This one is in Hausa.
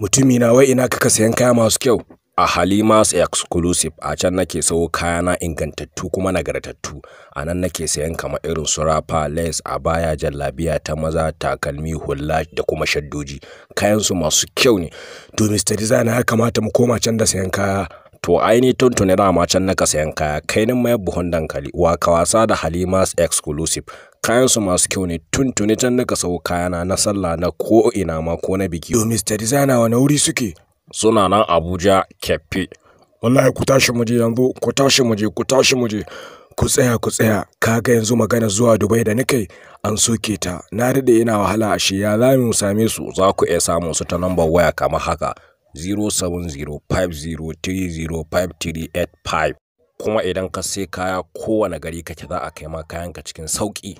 mutumi na wai ina kaka sayan kaya masu kyau a halimas exclusive a can nake sayo kayana ingantattu kuma nagartattu a nan nake sayan kamar irin su rafa les a baya jallabiya ta maza takalmi hulla da kuma shaddoji kayan su masu kyau ne to mr designer ya kamata mu koma can da sayan kaya to aini tuntuni dama can naka sayan kaya kai nan buhun dankali wa kawasa da halimas exclusive kayansu masu kyau ne tun tuni can naka sau kayana na sallah na ko ina ma ko na biki yo mr designer wani wuri suke suna nan abuja Kepi. wallahi ku tashi mu je yanzu ku tashi mu je, ku tashi mu je, ku tsaya ku tsaya kaga yanzu magana zuwa dubai da nake an soke ta na dade yana wahala a shi ya za mu same su za ku iya samun su ta lambar waya kamar haka 0705030538 kuma idan ka sai kaya kowane gari kake za a kai ma kayanka cikin sauƙi.